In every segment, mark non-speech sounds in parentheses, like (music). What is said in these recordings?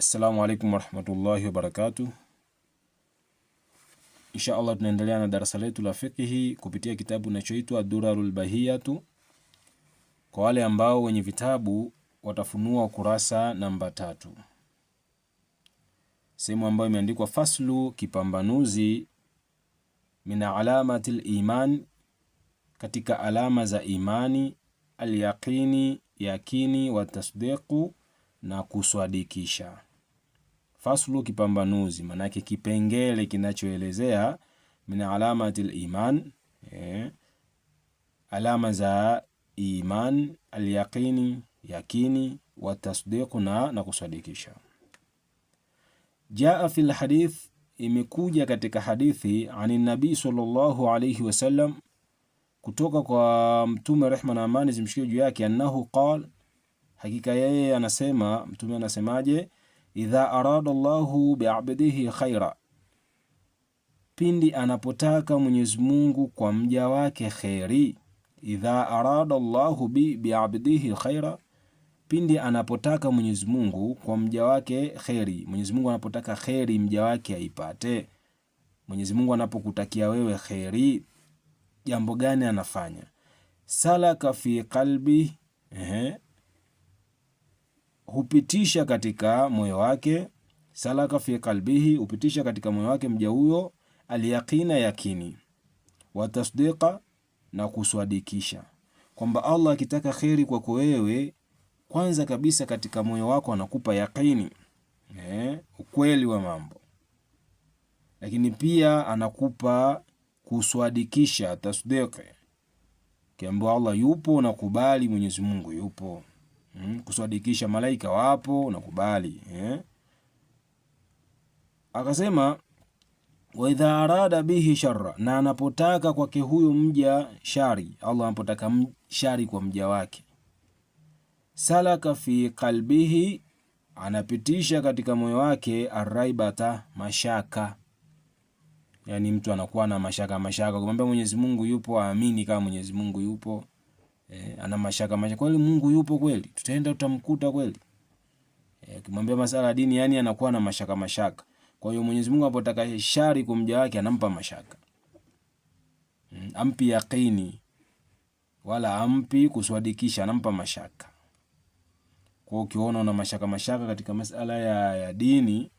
Assalamu alaikum warahmatullahi wabarakatuh. Insha Allah tunaendelea na darasa letu la fiqhi kupitia kitabu kinachoitwa Durarul Bahiyatu. Kwa wale ambao wenye vitabu watafunua ukurasa namba tatu, sehemu ambayo imeandikwa faslu, kipambanuzi min alamati liman, katika alama za imani, alyaqini, yakini, watasdiqu na kuswadikisha Faslu kipambanuzi, manake kipengele kinachoelezea min alamati liman eh, alama za iman, alyaqini yakini, watasdiqu na na kusadikisha. Jaa fi lhadith, imekuja katika hadithi ani nabii sallallahu alayhi wasallam, kutoka kwa Mtume rehma na amani zimshikie juu yake, annahu qal, hakika yeye anasema. Mtume anasemaje? idha arada Allahu biabdihi khaira, pindi anapotaka Mwenyezi Mungu kwa mja wake kheri. Idha arada Allahu bi biabdihi khaira, pindi anapotaka Mwenyezi Mungu kwa mja wake kheri. Mwenyezi Mungu anapotaka kheri mja wake aipate. Mwenyezi Mungu anapokutakia wewe kheri, jambo gani anafanya? salaka fi qalbi, ehe hupitisha katika moyo wake, salaka fi kalbihi hupitisha katika moyo wake mja huyo aliyakina yakini wa tasdiqa, na kuswadikisha kwamba Allah akitaka kheri kwako wewe, kwanza kabisa katika moyo wako anakupa yakini eh, ukweli wa mambo, lakini pia anakupa kuswadikisha, tasdiki kiambiwa Allah yupo, nakubali Mwenyezi Mungu yupo mm, kusadikisha malaika wapo, unakubali eh? Akasema wa idha arada bihi sharra, na anapotaka kwake huyo mja shari, Allah anapotaka shari kwa mja wake, salaka fi qalbihi, anapitisha katika moyo wake araibata mashaka Yani, mtu anakuwa na mashaka mashaka kumwambia Mwenyezi Mungu yupo, aamini kama Mwenyezi Mungu yupo eh, ana mashaka mashaka, kweli Mungu yupo kweli? Tutaenda tutamkuta kweli? eh, kimwambia masala dini, yani anakuwa na mashaka mashaka. Kwa hiyo Mwenyezi Mungu anapotaka shari kumja wake anampa mashaka, hmm, ampi yaqini wala ampi kuswadikisha, anampa mashaka. Kwa ukiona una mashaka mashaka katika masala ya, ya dini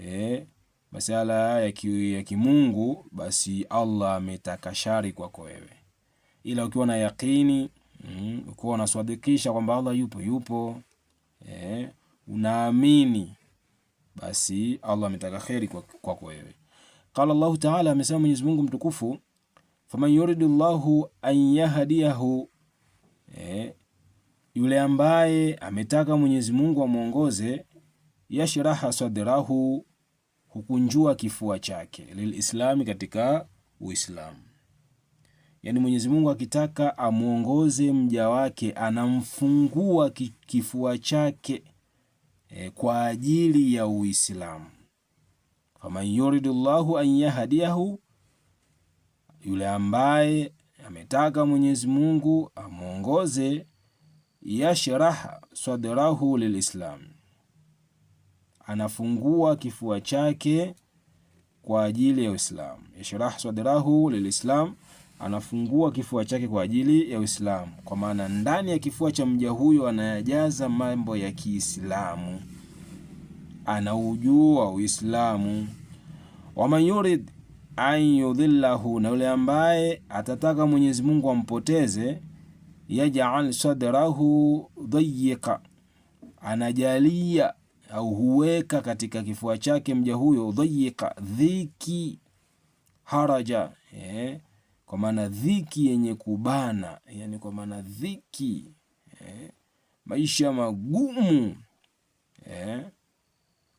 eh, masala ya, ki, ya kimungu, basi Allah ametaka shari kwako wewe, ila ukiwa na yaqini mm, ukiwa unaswadikisha kwamba Allah yupo yupo, eh, unaamini basi Allah ametaka kheri kwako kwa wewe. Qala Allahu taala, amesema Mwenyezi Mungu mtukufu, faman yuridu llahu an yahdiyahu eh, yule ambaye ametaka Mwenyezi Mungu amwongoze, yashraha sadrahu, hukunjua kifua chake, lilislami, katika Uislamu. Yaani Mwenyezi Mungu akitaka amwongoze mja wake anamfungua kifua chake e, kwa ajili ya Uislamu. Faman yuridu llahu an yahdiyahu, yule ambaye ametaka Mwenyezi Mungu amwongoze, yashrah sadrahu lilislam, anafungua kifua chake kwa ajili ya Uislamu. Yashrah sadrahu lilislam anafungua kifua chake kwa ajili ya Uislamu, kwa maana ndani ya kifua cha mja huyo anayajaza mambo ya Kiislamu, anaujua Uislamu. Waman yurid an yudhillahu, na yule ambaye atataka Mwenyezi Mungu ampoteze, yaj'al sadrahu dayyika, anajalia au huweka katika kifua chake mja huyo dhayika, dhiki, haraja eh kwa maana dhiki yenye kubana, yani kwa maana dhiki eh, maisha magumu eh,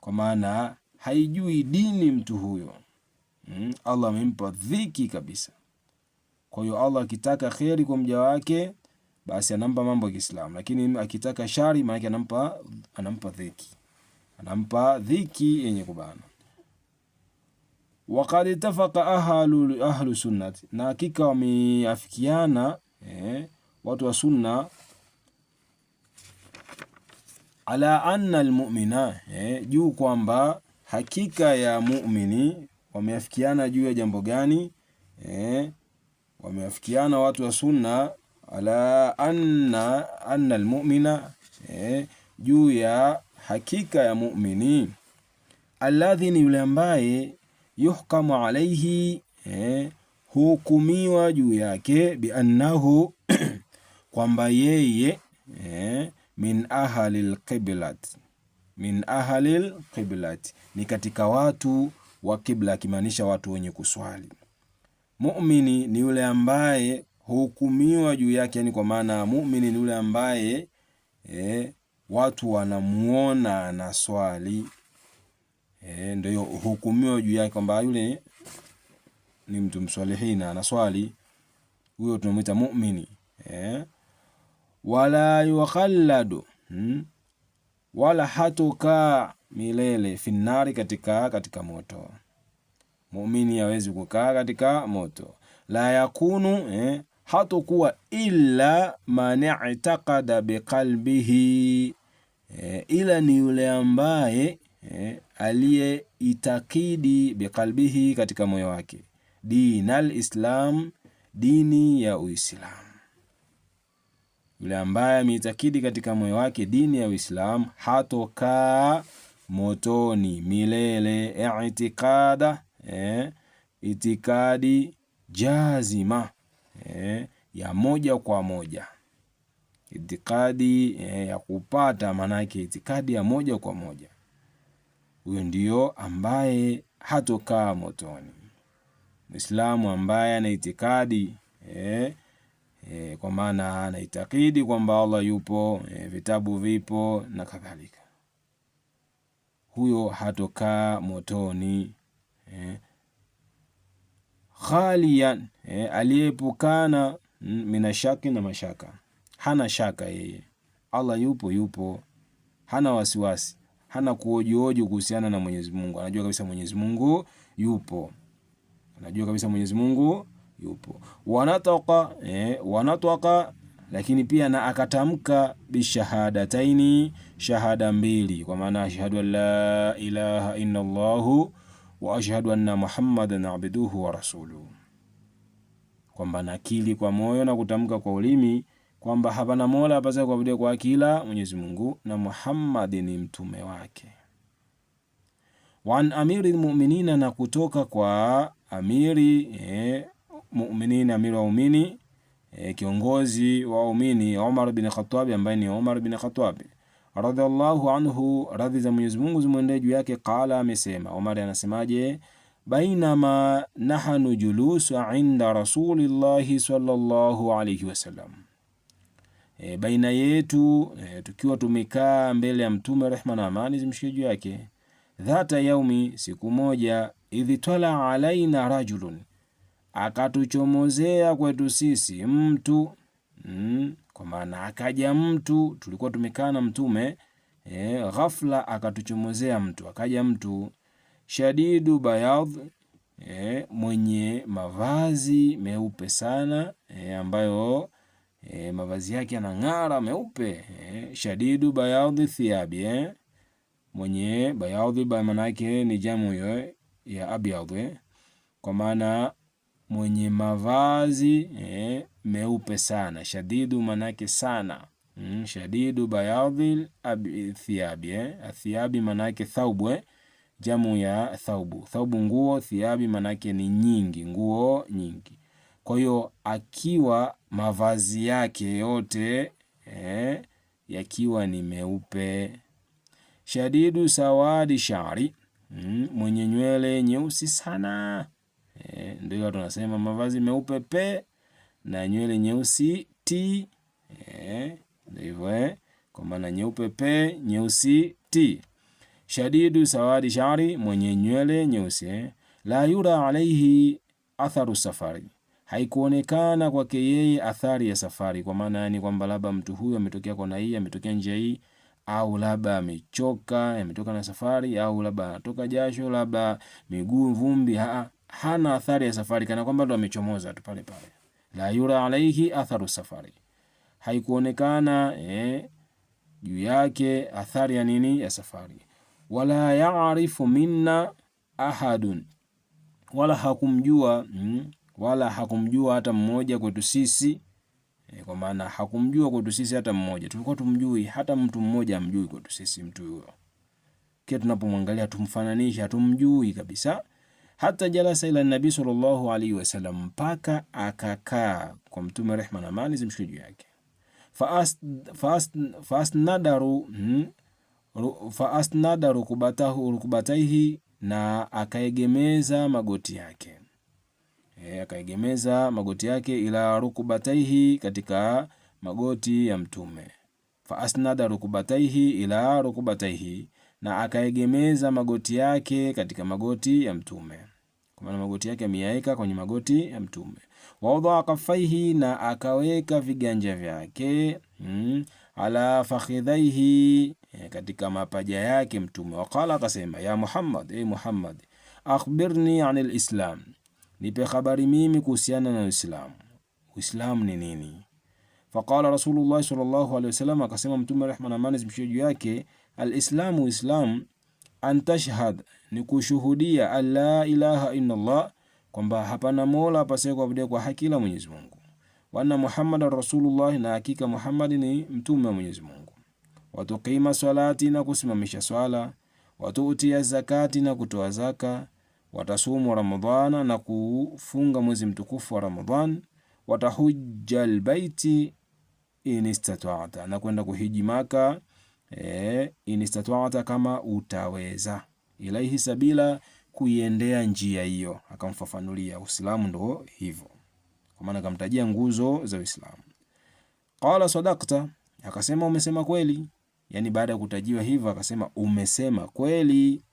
kwa maana haijui dini mtu huyo mm, Allah amempa dhiki kabisa. Kwa hiyo Allah akitaka kheri kwa mja wake basi anampa mambo ya Kiislamu, lakini akitaka shari maanake anampa anampa dhiki, anampa dhiki yenye kubana. Waqad ittafaqa ahlu ahlu sunnati, na hakika wameafikiana eh, watu wa sunna ala anna almu'mina eh, juu kwamba hakika ya mu'mini. Wameafikiana juu ya jambo gani? Eh, wameafikiana watu wa sunna ala anna anna almu'mina eh, juu ya hakika ya mu'mini alladhi, ni yule ambaye yuhkamu alaihi eh, hukumiwa juu yake biannahu (clears throat) kwamba yeye eh, min ahalil qiblat min ahalil qiblat ni katika watu wa kibla, akimaanisha watu wenye kuswali. mumini ni yule ambaye hukumiwa juu yake, yani kwa maana mumini ni yule ambaye eh, watu wanamuona anaswali eh, ndio hukumiwa juu yake kwamba yule ni mtu mswalihina anaswali, huyo tunamwita muumini eh, wala yukhalladu hmm? wala hatokaa milele finari, katika katika moto. Muumini hawezi kukaa katika moto. la yakunu eh, hatokuwa illa man i'taqada biqalbihi eh, ila ni yule ambaye eh, itakidi biqalbihi, katika moyo wake, dinal islam, dini ya Uislamu. Yule ambaye ameitakidi katika moyo wake dini ya Uislamu hatokaa motoni milele. Itikada eh, itikadi jazima eh, ya moja kwa moja itikadi eh, ya kupata, maanake itikadi ya moja kwa moja huyo ndiyo ambaye hatokaa motoni. Mwislamu ambaye ana itikadi eh, eh, kwa maana anaitakidi kwamba Allah yupo eh, vitabu vipo na kadhalika, huyo hatokaa motoni eh, khalian eh, aliyeepukana mina shaki na mashaka, hana shaka yeye, Allah yupo yupo, hana wasiwasi hana kuojiuoji kuhusiana na Mwenyezi Mungu. Anajua kabisa Mwenyezi Mungu yupo, anajua kabisa Mwenyezi Mungu yupo. Wanatoka eh, wanatoka lakini pia na akatamka bishahadataini, shahada mbili, kwa maana ashhadu an la ilaha illa Allah wa ashhadu anna Muhammadan abduhu wa rasuluhu, kwamba nakili kwa moyo na kutamka kwa ulimi kwamba hapana mola apaswa kuabudiwa kwa akila Mwenyezi Mungu na Muhammad ni mtume wake. Wan amiri muminina, na kutoka kwa amiri eh, muminin amiri wa umini eh, kiongozi wa umini Omar bin Khattabi ambaye ni Omar bin Khattabi radhiallahu anhu, radhi za Mwenyezi Mungu zimwendee juu yake. Qala, amesema Omar anasemaje? bainama nahnu julusu inda rasulillahi sallallahu alayhi wasallam e, baina yetu e, tukiwa tumekaa mbele ya Mtume, rehma na amani zimshikie juu yake. Dhata yaumi, siku moja, idhi tala alaina rajulun, akatuchomozea kwetu sisi mtu mm, kwa maana akaja mtu, tulikuwa tumekaa na Mtume e, ghafla akatuchomozea mtu, akaja mtu shadidu bayad e, mwenye mavazi meupe sana e, ambayo e, mavazi yake yanang'ara meupe e, shadidu bayadhi thiabi e, mwenye bayadhi ba manake ni jamu yo ya abyadhi, kwa maana mwenye mavazi e, meupe sana. Shadidu manake sana mm, shadidu bayadhi thiabi e, thiabi manake thaubu thaubwe jamu ya thaubu. Thaubu nguo, thiabi manake ni nyingi, nguo nyingi. Kwa hiyo akiwa mavazi yake yote eh, yakiwa ni meupe. Shadidu sawadi shari, mm, mwenye nywele nyeusi sana eh, ndio tunasema mavazi meupe pe na nywele nyeusi ti eh, ndio hivyo eh, kwa maana nyeupe pe nyeusi ti. Shadidu sawadi shari, mwenye nywele nyeusi eh, la yura alaihi atharu safari haikuonekana kwake yeye athari ya safari, kwa maana yani kwamba labda mtu huyu ametokea kona hii, ametokea njia hii, au labda amechoka, ametoka na safari, au labda anatoka jasho, labda miguu vumbi, ha, hana athari ya safari, kana kwamba ndo amechomoza tu pale pale. La yura alaihi atharu safari, haikuonekana eh, juu yake athari ya nini? Ya safari. Wala yaarifu minna ahadun, wala hakumjua mm, wala hakumjua hata mmoja kwetu sisi e, kwa maana hakumjua kwetu sisi hata mmoja. Tulikuwa tumjui hata mtu mmoja amjui kwetu sisi mtu huyo, kile tunapomwangalia tumfananisha, tumjui kabisa. Hata jalasa ila nabi sallallahu alaihi wasallam, mpaka akakaa kwa mtume, rehma na amani zimshukie juu yake. Faasnadaru hmm, faasnada rukubatahu rukubataihi, na akaegemeza magoti yake e, akaegemeza magoti yake ila rukubataihi, katika magoti ya Mtume. Faasnada rukubataihi ila rukubataihi, na akaegemeza magoti yake katika magoti ya Mtume. Kwa maana magoti yake ameyaweka kwenye magoti ya Mtume. Wawadaa kafaihi, na akaweka viganja vyake mm, ala fakhidhaihi, e, katika mapaja yake Mtume. Waqala akasema, ya Muhammad, e Muhammad, akhbirni anil islam nipe habari mimi kuhusiana na Uislamu. Uislamu ni nini? Faqala Rasulullah sallallahu alaihi wasallam, akasema Mtume rehma na amani zimshie juu yake, alislamu Uislamu, an tashhad, ni kushuhudia, an la ilaha illa Allah, kwamba hapana mola apasaye kuabudiwa kwa haki ila Mwenyezi Mungu, wa anna Muhammadan Rasulullah, na hakika Muhammad ni mtume wa Mwenyezi Mungu, tuqima salati, na kusimamisha swala, watuutia zakati, na kutoa zaka watasumu Ramadhana na kufunga mwezi mtukufu wa Ramadhan, watahujja albaiti inistatwata, na kwenda kuhiji Maka e, eh, inistatwata kama utaweza ilaihi sabila, kuiendea njia hiyo. Akamfafanulia Uislamu ndo hivyo, kwa maana akamtajia nguzo za Uislamu. Qala sadaqta, akasema umesema kweli. Yani baada ya kutajiwa hivyo akasema umesema kweli.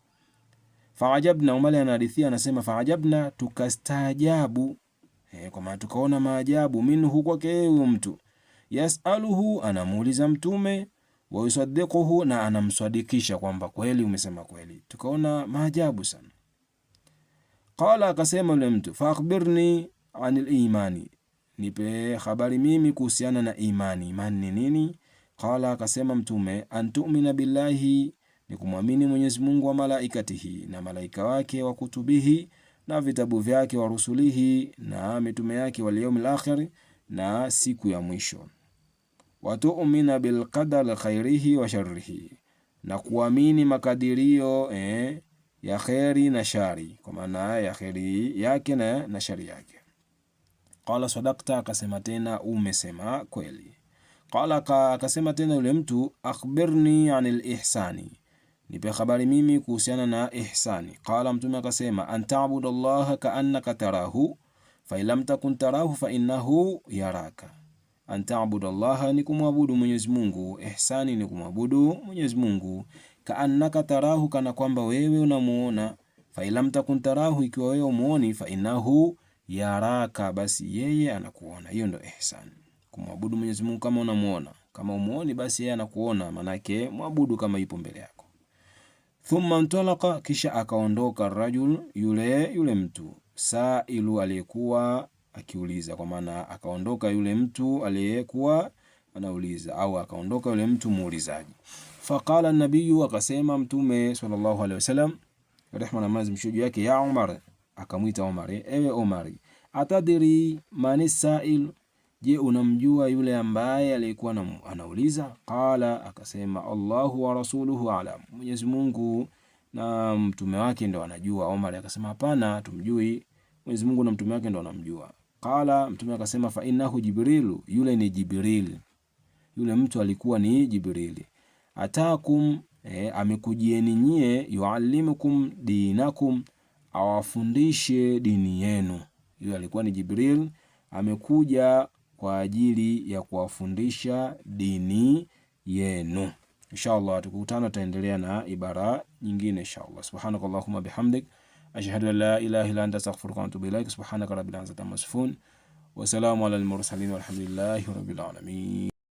Faajabna, Umali anahadithia anasema, faajabna tukastaajabu, eh, kwa maana tukaona maajabu, minhu kwake huyo mtu, yasaluhu, anamuuliza Mtume, wa yusaddiquhu, na anamswadikisha kwamba kweli umesema kweli, tukaona maajabu sana. Qala, akasema yule mtu, faakhbirni anil imani, nipe habari mimi kuhusiana na imani. Imani ni nini? Qala, akasema Mtume, antumina billahi ni kumwamini Mwenyezi Mungu wa malaikatihi, na malaika wake wa kutubihi, na vitabu vyake wa rusulihi, na mitume yake wa yaumil akhir, na siku ya mwisho. bil bilqadar khairihi wa sharrihi, na kuamini makadirio eh, ya kheri na shari, kwa maana ya kheri yake na, na shari yake. Qala sadaqta, akasema tena umesema kweli. Qala, akasema tena yule mtu akhbirni anil ihsani nipe habari mimi kuhusiana na ihsani. Qala Mtume akasema, antabud allaha kaannaka tarahu fa lam takun tarahu fa innahu yaraka. Antabud allaha ni kumwabudu Mwenyezi Mungu, ihsani ni kumwabudu Mwenyezi Mungu kaannaka tarahu, kana kwamba wewe unamuona. Fa lam takun tarahu, ikiwa wewe umuoni, Fa innahu yaraka, basi yeye anakuona. Hiyo ndio ihsani, kumwabudu Mwenyezi Mungu kama unamuona. Kama umuoni, basi yeye anakuona, maanake mwabudu kama yupo mbele yako. Thumma ntalaka, kisha akaondoka. Rajul, yule yule mtu. Sailu, aliyekuwa akiuliza, kwa maana akaondoka yule mtu aliyekuwa anauliza, au akaondoka yule mtu muulizaji. Faqala nabiyu, akasema Mtume sallallahu alaihi wasallam, rehma na mazi mshuju yake, ya Umar, akamwita Umar, ewe Umar, atadiri mani Je, unamjua yule ambaye aliyekuwa anauliza? Qala, akasema Allahu wa rasuluhu alam, Mwenyezi Mungu na mtume wake ndo anajua. Omar akasema hapana, tumjui Mwenyezi Mungu na mtume wake ndo anamjua. Qala, mtume akasema fa innahu Jibrilu, yule ni Jibril, yule mtu alikuwa ni Jibril. Atakum, eh, amekujieni nyie, yuallimukum dinakum, awafundishe dini yenu. Yule alikuwa ni Jibril amekuja kwa ajili ya kuwafundisha dini yenu. Inshallah tukutana, tutaendelea na ibara nyingine inshallah. Subhanaka allahumma bihamdik ashhadu an la ilaha illa anta astaghfiruka wa atubu ilaik. Subhanaka rabbil izzati amma yasifun wa salamun alal mursalin walhamdulillahi rabbil alamin.